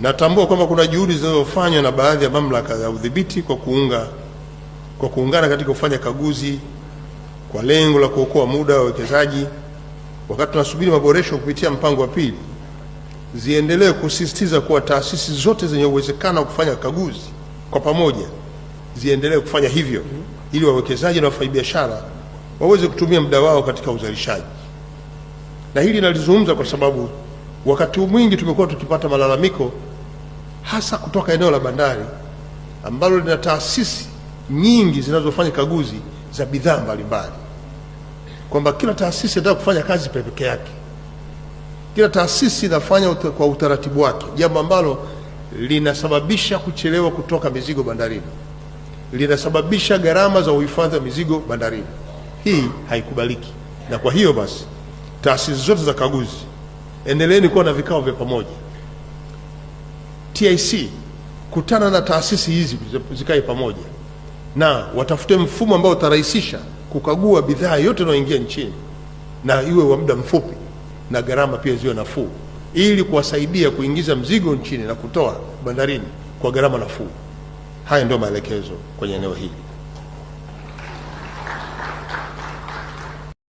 Natambua kwamba kuna juhudi zinazofanywa na baadhi ya mamlaka za udhibiti kwa kuunga, kwa kuungana katika kufanya kaguzi kwa lengo la kuokoa muda wa wawekezaji. Wakati tunasubiri maboresho kupitia mpango wa pili, ziendelee kusisitiza kuwa taasisi zote zenye uwezekano wa kufanya kaguzi kwa pamoja ziendelee kufanya hivyo ili wawekezaji na wafanyabiashara waweze kutumia muda wao katika uzalishaji, na hili nalizungumza kwa sababu Wakati mwingi tumekuwa tukipata malalamiko hasa kutoka eneo la bandari ambalo lina taasisi nyingi zinazofanya kaguzi za bidhaa mbalimbali, kwamba kila taasisi inataka kufanya kazi peke yake, kila taasisi inafanya kwa utaratibu wake, jambo ambalo linasababisha kuchelewa kutoka mizigo bandarini, linasababisha gharama za uhifadhi wa mizigo bandarini. Hii haikubaliki, na kwa hiyo basi taasisi zote za kaguzi endeleeni kuwa na vikao vya pamoja. TIC kutana na taasisi hizi zikae pamoja na watafute mfumo ambao utarahisisha kukagua bidhaa yote inayoingia nchini na iwe wa muda mfupi na gharama pia ziwe nafuu, ili kuwasaidia kuingiza mzigo nchini na kutoa bandarini kwa gharama nafuu. Haya ndio maelekezo kwenye eneo hili.